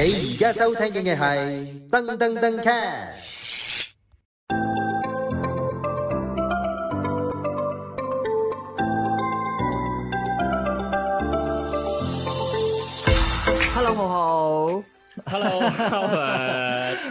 你而家收聽嘅係噔噔噔 cast。Hello，浩浩。Hello，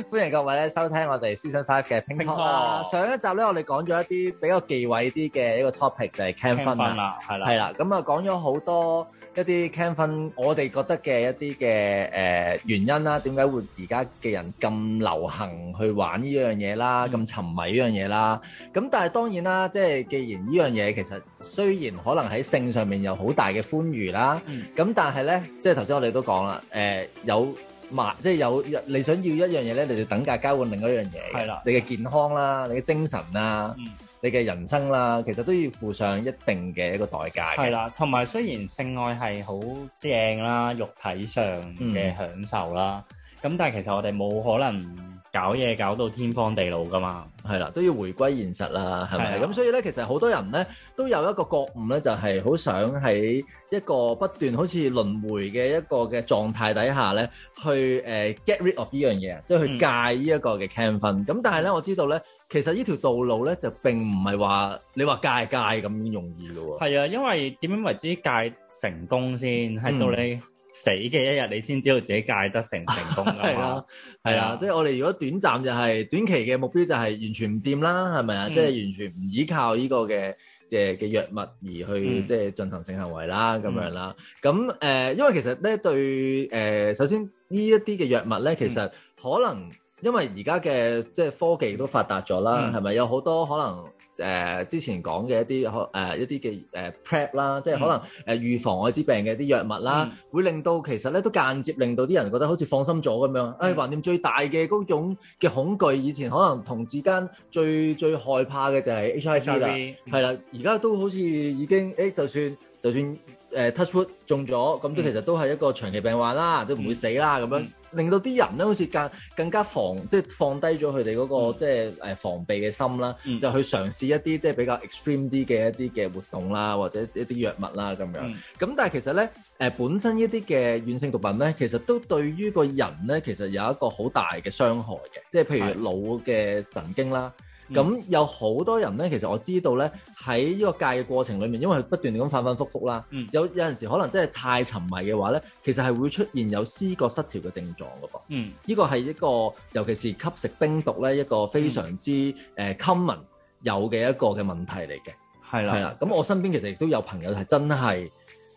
歡迎各位咧收聽我哋 Season Five 嘅拼圖啦。上一集咧，我哋講咗一啲比較忌諱啲嘅一個 topic，就係 cam 分啦，係啦，係啦。咁啊，講咗好多一啲 cam 分，我哋覺得嘅一啲嘅誒原因啦，點解會而家嘅人咁流行去玩呢樣嘢啦，咁沉迷呢樣嘢啦。咁但係當然啦，即係既然呢樣嘢其實雖然可能喺性上面有好大嘅歡愉啦，咁但係咧，即係頭先我哋都講啦，誒有。買即係有你想要一樣嘢咧，你就等價交換另外一樣嘢。係啦，你嘅健康啦，你嘅精神啦，你嘅人生啦，其實都要付上一定嘅一個代價。係啦，同埋雖然性愛係好正啦，肉體上嘅享受啦，咁但係其實我哋冇可能搞嘢搞到天荒地老㗎嘛。係啦，都要回歸現實啦，係咪？咁所以咧，其實好多人咧都有一個覺悟咧，就係好想喺一個不斷好似輪迴嘅一個嘅狀態底下咧，去誒 get rid of 呢樣嘢，即係去戒呢一個嘅 cancer。咁但係咧，我知道咧，其實呢條道路咧就並唔係話你話戒戒咁容易嘅喎。係啊，因為點樣為之戒成功先？係到你死嘅一日，你先知道自己戒得成成功㗎嘛。係啦，係啦，即係我哋如果短暫就係短期嘅目標就係完。完全掂啦，係咪啊？即係完全唔、嗯、依靠呢個嘅嘅嘅藥物而去，即係、嗯、進行性行為啦，咁樣啦。咁誒、嗯呃，因為其實咧對誒、呃，首先呢一啲嘅藥物咧，其實可能因為而家嘅即係科技都發達咗啦，係咪、嗯、有好多可能？誒、呃、之前講嘅一啲可、呃、一啲嘅誒、呃、prep 啦，即係可能誒、嗯呃、預防艾滋病嘅啲藥物啦，嗯、會令到其實咧都間接令到啲人覺得好似放心咗咁樣。誒橫掂最大嘅嗰種嘅恐懼，以前可能同志間最最害怕嘅就係 HIV 啦，係啦，而家都好似已經誒、哎，就算就算。誒、呃、touch wood，中咗，咁都其實都係一個長期病患啦，嗯、都唔會死啦，咁樣令到啲人咧好似更更加防，即係放低咗佢哋嗰個、嗯、即係誒防備嘅心啦，嗯、就去嘗試一啲即係比較 extreme 啲嘅一啲嘅活動啦，或者一啲藥物啦咁樣。咁、嗯、但係其實咧，誒、呃、本身一啲嘅軟性毒品咧，其實都對於個人咧，其實有一個好大嘅傷害嘅，即係譬如腦嘅神經啦。咁有好多人呢，其實我知道呢，喺呢個戒嘅過程裏面，因為不斷咁反反覆覆啦、嗯，有有陣時可能真係太沉迷嘅話呢，其實係會出現有思覺失調嘅症狀㗎噃。嗯，呢個係一個，尤其是吸食冰毒呢，一個非常之誒、嗯 uh, common 有嘅一個嘅問題嚟嘅。係啦的，係啦的，咁我身邊其實亦都有朋友係真係。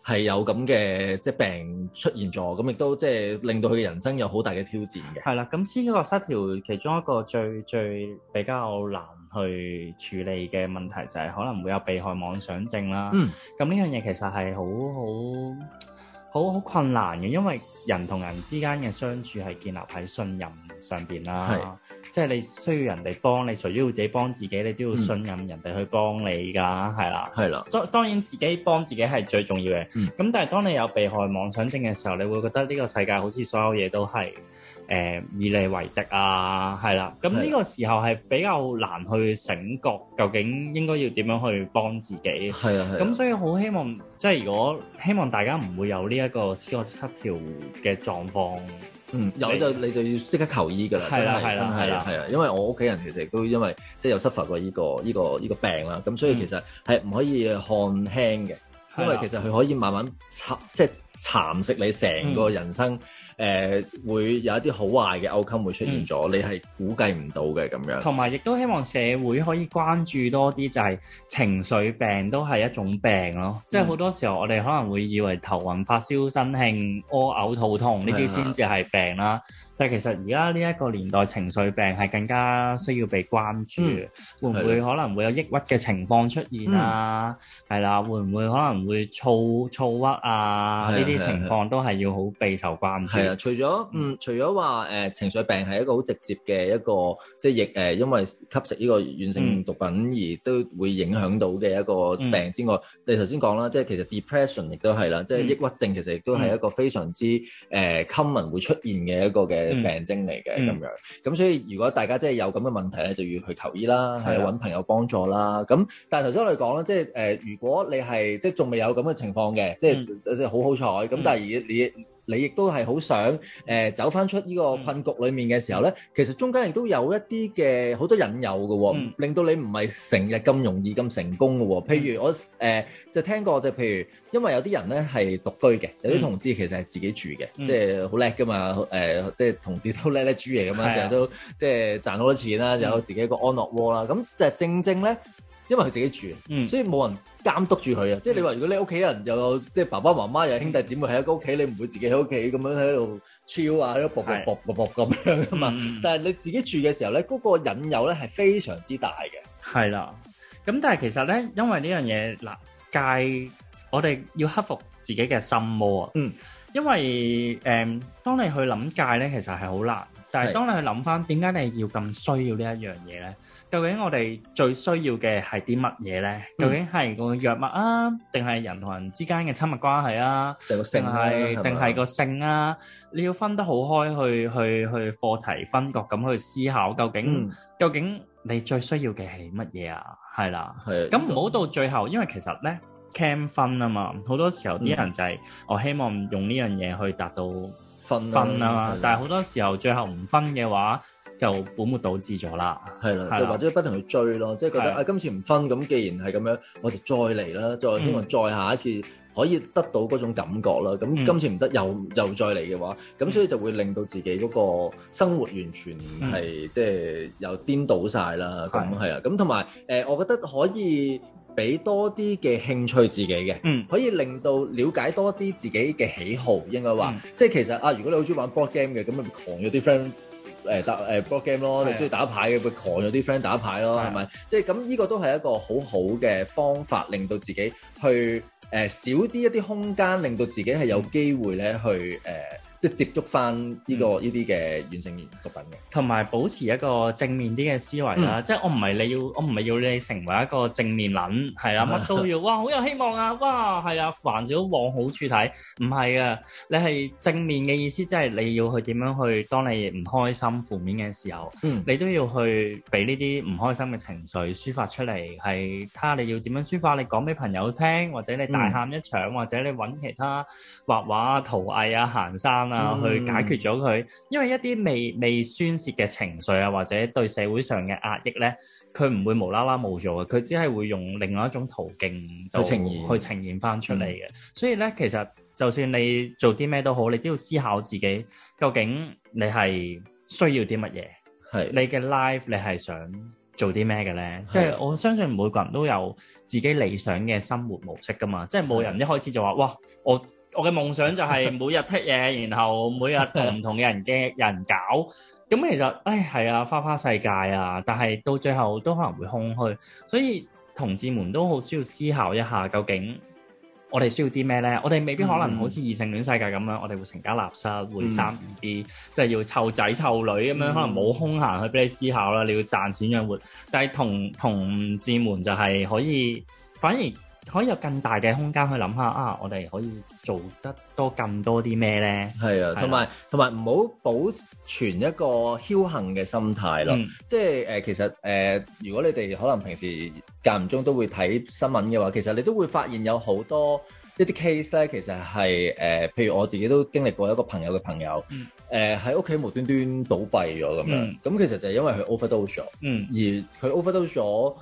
係有咁嘅即係病出現咗，咁亦都即係令到佢嘅人生有好大嘅挑戰嘅。係啦，咁思覺失調其中一個最最比較難去處理嘅問題就係可能會有被害妄想症啦。嗯，咁呢樣嘢其實係好好好好困難嘅，因為人同人之間嘅相處係建立喺信任上面啦。係。即係你需要人哋幫你，除咗要自己幫自己，你都要信任人哋去幫你㗎，係啦、嗯。係啦的。當當然自己幫自己係最重要嘅。咁、嗯、但係當你有被害妄想症嘅時候，你會覺得呢個世界好似所有嘢都係誒、呃、以你為敵啊，係啦。咁呢個時候係比較難去醒覺，究竟應該要點樣去幫自己。係啊係。咁所以好希望，即係如果希望大家唔會有呢一個思覺失調嘅狀況。嗯，有就你就要即刻求醫㗎喇，的真係真係，係啊，因為我屋企人其實都因為即係、就是、有失發過呢個呢個呢個病啦，咁所以其實係唔可以看輕嘅，的因為其實佢可以慢慢蠶即係、就是、蠶食你成個人生。誒會有一啲好壞嘅 outcome 會出現咗，嗯、你係估計唔到嘅咁樣。同埋亦都希望社會可以關注多啲，就係情緒病都係一種病咯。嗯、即係好多時候，我哋可能會以為頭暈、發燒、身興、屙、呃、嘔、肚痛呢啲先至係病啦。嗯、但係其實而家呢一個年代，情緒病係更加需要被關注。嗯、會唔會可能會有抑鬱嘅情況出現啊？係啦、嗯，會唔會可能會躁躁，躁鬱啊？呢啲、嗯、情況都係要好備受關注。嗯嗯除咗嗯，除咗話誒情緒病係一個好直接嘅一個，即係亦誒因為吸食呢個軟性毒品而都會影響到嘅一個病之外，你頭先講啦，即係其實 depression 亦都係啦，即係抑鬱症其實亦都係一個非常之誒 common 會出現嘅一個嘅病徵嚟嘅咁樣。咁所以如果大家即係有咁嘅問題咧，就要去求醫啦，係揾朋友幫助啦。咁但係頭先我哋講啦，即係誒如果你係即係仲未有咁嘅情況嘅，即係好好彩。咁但係而你你亦都係好想誒、呃、走翻出呢個困局裏面嘅時候咧，其實中間亦都有一啲嘅好多引誘嘅、哦，嗯、令到你唔係成日咁容易咁成功嘅、哦。譬如我誒、呃、就聽過，就譬如因為有啲人咧係獨居嘅，有啲同志其實係自己住嘅、嗯呃，即係好叻噶嘛誒，即係同志都叻叻豬嚟噉樣，成日、嗯、都、啊、即係賺好多錢啦、啊，嗯、有自己一個安樂窩啦。咁就正正咧。因為佢自己住，所以冇人監督住佢啊！即係你話如果你屋企人又有即係爸爸媽媽又有兄弟姊妹喺一個屋企，你唔會自己喺屋企咁樣喺度 chill 啊，喺度搏搏搏咁樣噶嘛。但係你自己住嘅時候咧，嗰個引誘咧係非常之大嘅。係啦，咁但係其實咧，因為呢樣嘢嗱戒，我哋要克服自己嘅心魔啊。嗯，因為誒，當你去諗戒咧，其實係好難。但係，當你去諗翻點解你要咁需要呢一樣嘢咧？究竟我哋最需要嘅係啲乜嘢咧？究竟係個藥物啊，定係人同人之間嘅親密關係啊，定係定係個性啊？你要分得好開去去去課題分割咁去思考，究竟究竟你最需要嘅係乜嘢啊？係啦，咁唔好到最後，因為其實咧 can 分啊嘛，好多時候啲人就係我希望用呢樣嘢去達到。分啦、啊，的但係好多時候最後唔分嘅話，就本末倒置咗啦。係啦的，的就或者不停去追咯，即係覺得的啊，今次唔分，咁既然係咁樣，我就再嚟啦，再希望再下一次可以得到嗰種感覺啦。咁今次唔得，嗯、又又再嚟嘅話，咁所以就會令到自己嗰個生活完全係、嗯、即係又顛倒晒啦。咁係啊，咁同埋誒，我覺得可以。俾多啲嘅興趣自己嘅，嗯、可以令到了解多啲自己嘅喜好，應該話，嗯、即係其實啊，如果你好中意玩 board game 嘅，咁咪狂咗啲 friend 誒打誒 board game 咯；的你中意打牌嘅，咪狂咗啲 friend 打牌咯，係咪的？的即係咁呢個都係一個好好嘅方法，令到自己去誒、呃、少啲一啲空間，令到自己係有機會咧、嗯、去誒。呃即接觸翻呢、這個呢啲嘅完成毒品嘅，同埋保持一個正面啲嘅思維啦、啊。嗯、即係我唔係你要，我唔係要你成為一個正面撚，係啦、啊，乜都要哇，好有希望啊！哇，係啊，凡事都往好處睇。唔係啊，你係正面嘅意思，即、就、係、是、你要去點樣去？當你唔開心負面嘅時候，嗯、你都要去俾呢啲唔開心嘅情緒抒發出嚟。係睇下你要點樣抒發？你講俾朋友聽，或者你大喊一場，嗯、或者你揾其他畫畫啊、圖藝啊、行山。啊！嗯、去解決咗佢，因為一啲未未宣泄嘅情緒啊，或者對社會上嘅壓抑呢，佢唔會無啦啦冇咗嘅，佢只係會用另外一種途徑就去呈現翻出嚟嘅。嗯、所以呢，其實就算你做啲咩都好，你都要思考自己究竟你係需要啲乜嘢，的你嘅 life 你係想做啲咩嘅呢？即係的我相信每個人都有自己理想嘅生活模式噶嘛，即係冇人一開始就話哇我。我嘅夢想就係每日踢嘢， 然後每日同唔同嘅人嘅 人搞。咁其實，誒、哎、係啊，花花世界啊，但係到最後都可能會空虛。所以同志們都好需要思考一下，究竟我哋需要啲咩咧？我哋未必可能好似異性戀世界咁樣，嗯、我哋會成家立室，會生啲即係要湊仔湊女咁樣，嗯、可能冇空閒去俾你思考啦。你要賺錢養活。但係同同志們就係可以，反而。可以有更大嘅空間去諗下啊！我哋可以做得多更多啲咩呢？係啊，同埋同埋唔好保存一個僥倖嘅心態咯。嗯、即係誒、呃，其實誒、呃，如果你哋可能平時間唔中都會睇新聞嘅話，其實你都會發現有好多一啲 case 呢，其實係誒、呃，譬如我自己都經歷過一個朋友嘅朋友誒喺屋企無端端倒閉咗咁、嗯、樣。咁其實就係因為佢 overdose 咗，而佢 overdose 咗。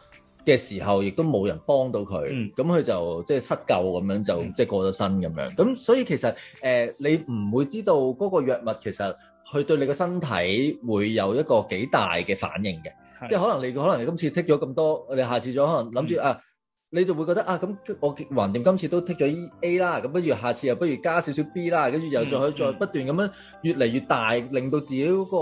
嘅時候，亦都冇人幫到佢，咁佢、嗯、就即係、就是、失救咁樣，就即係、嗯、過咗身咁樣。咁所以其實誒、呃，你唔會知道嗰個藥物其實佢對你個身體會有一個幾大嘅反應嘅，是即係可能你可能你今次剔咗咁多，你下次再可能諗住啊。嗯 uh, 你就會覺得啊，咁我橫掂今次都剔咗 A 啦，咁不如下次又不如加少少 B 啦，跟住又再可以、嗯、再不斷咁樣越嚟越大，令到自己嗰、那個、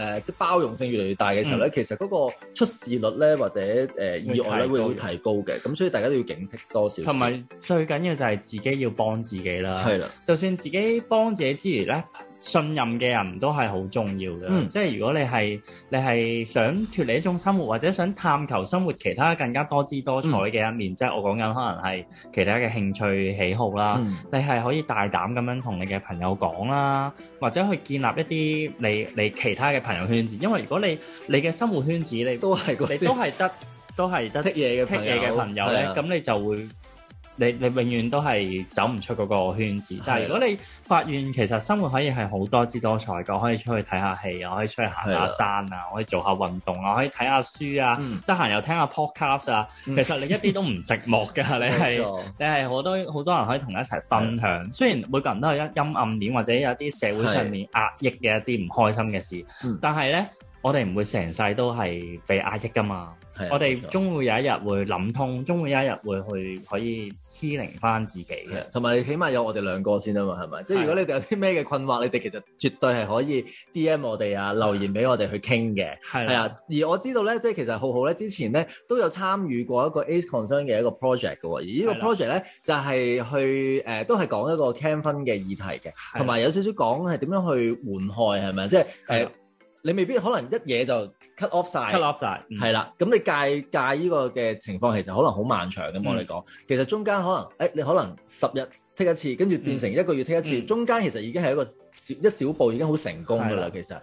呃、即係包容性越嚟越大嘅時候咧，嗯、其實嗰個出事率咧或者誒、呃、意外咧會好提高嘅，咁所以大家都要警惕多少。同埋最緊要就係自己要幫自己啦。係啦的，就算自己幫自己之餘咧。信任嘅人都係好重要嘅，嗯、即係如果你係，你係想脫離一種生活，或者想探求生活其他更加多姿多彩嘅一面，嗯、即係我講緊可能係其他嘅興趣喜好啦，嗯、你係可以大膽咁樣同你嘅朋友講啦，或者去建立一啲你你其他嘅朋友圈子，因為如果你你嘅生活圈子你都，你都係，你都係是得都係得嘅嘢嘅朋友咧，咁的你就會。你你永遠都係走唔出嗰個圈子，但係如果你發現其實生活可以係好多姿多彩嘅，可以出去睇下戲啊，可以出去行是的 下山啊，可以做下運動啊，可以睇下書啊，得閒又聽下 Podcast 啊，嗯、其實你一啲都唔寂寞㗎，你係你係好多好多人可以同你一齊分享。是的 雖然每個人都有陰陰暗面，或者有啲社會上面壓抑嘅一啲唔開心嘅事，是的 但係咧，我哋唔會成世都係被壓抑㗎嘛。的我哋終會有一日會諗通，終會有一日會去可以。healing 翻自己嘅，同埋你起碼有我哋兩個先啊嘛，係咪？即係的如果你哋有啲咩嘅困惑，你哋其實絕對係可以 DM 我哋啊，留言俾我哋去傾嘅。係係啊，而我知道咧，即係其實浩浩咧之前咧都有參與過一個 ACE Concern 嘅一個 project 嘅喎，而個呢個 project 咧就係去誒、呃，都係講一個 camp 分嘅議題嘅，同埋的有少少講係點樣去緩害係咪？即係誒。的的你未必可能一嘢就 cut off 晒，cut off 晒，係啦。咁、嗯、你戒戒呢個嘅情況其實可能好漫長咁，嗯、我哋講。其實中間可能，誒，你可能十日剔一次，跟住變成一個月剔一次。嗯、中間其實已經係一個小一小步，已經好成功噶啦。嗯、其實，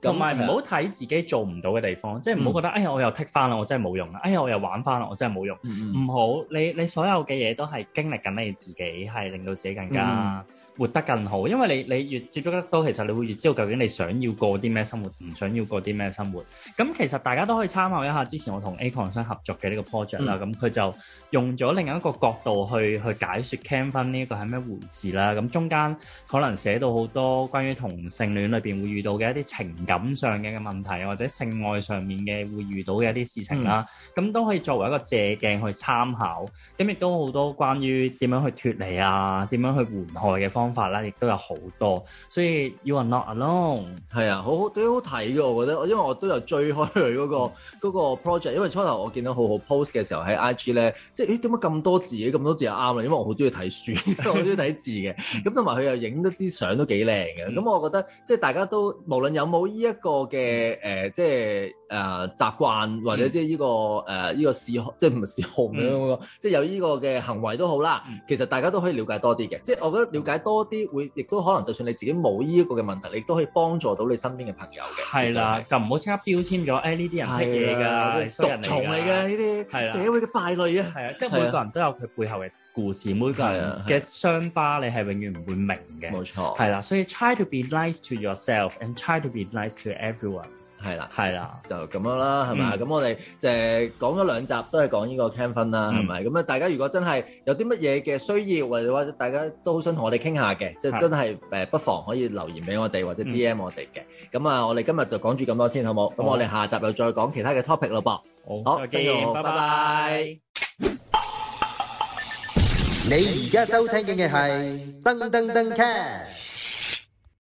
同埋唔好睇自己做唔到嘅地方，嗯、即係唔好覺得，哎呀，我又剔翻啦，我真係冇用啦。哎呀，我又玩翻啦，我真係冇用。唔、嗯、好，你你所有嘅嘢都係經歷緊你自己，係令到自己更加，嗯活得更好，因為你你越接觸得多，其實你會越知道究竟你想要過啲咩生活，唔想要過啲咩生活。咁其實大家都可以參考一下之前我同 Acon 合作嘅呢個 project 啦。咁佢、嗯、就用咗另一個角度去去解說 camping 呢一個係咩回事啦。咁中間可能寫到好多關於同性戀裏邊會遇到嘅一啲情感上嘅嘅問題，或者性愛上面嘅會遇到嘅一啲事情啦。咁、嗯、都可以作為一個借鏡去參考。咁亦都好多關於點樣去脫離啊，點樣去緩害嘅方法。方法啦，亦都有好多，所以 you are not alone。係啊，好好都好睇嘅，我覺得，因為我都有追開佢嗰、嗰個、嗰 個 project。因為初頭我見到好好 post 嘅時候喺 IG 咧，即係誒，點解咁多字咁多字又啱啦，因為我好中意睇書，好中意睇字嘅。咁同埋佢又影得啲相都幾靚嘅。咁我覺得即係大家都無論有冇呢一個嘅誒即係誒習慣或者即係呢個誒呢、呃，這個嗜 quest 可、就是、好，即係唔係嗜好咁樣嗰即係有呢個嘅行為都好啦。其實大家都可以了解多啲嘅，即係我覺得了解多。多啲會，亦都可能就算你自己冇依一個嘅問題，你都可以幫助到你身邊嘅朋友嘅。係啦的，就唔好即刻標籤咗，誒，呢啲人識嘢㗎、的人毒蟲嚟嘅呢啲社會嘅敗類啊，係啊，即係每個人都有佢背後嘅故事，的每個人嘅傷疤你係永遠唔會明嘅。冇錯，係啦，所以 try to be nice to yourself and try to be nice to everyone。係啦，係啦，就咁樣啦，係咪啊？咁、嗯、我哋誒講咗兩集都係講呢個 camphun 啦，係咪、嗯？咁啊，大家如果真係有啲乜嘢嘅需要，或者大家都好想同我哋傾下嘅，即係的真係誒，不妨可以留言俾我哋或者 DM、嗯、我哋嘅。咁啊，我哋今日就講住咁多先，好冇？咁、哦、我哋下集又再講其他嘅 topic 咯，噃、哦。好，再見拜拜。拜拜你而家收聽緊嘅係噔噔噔 cash。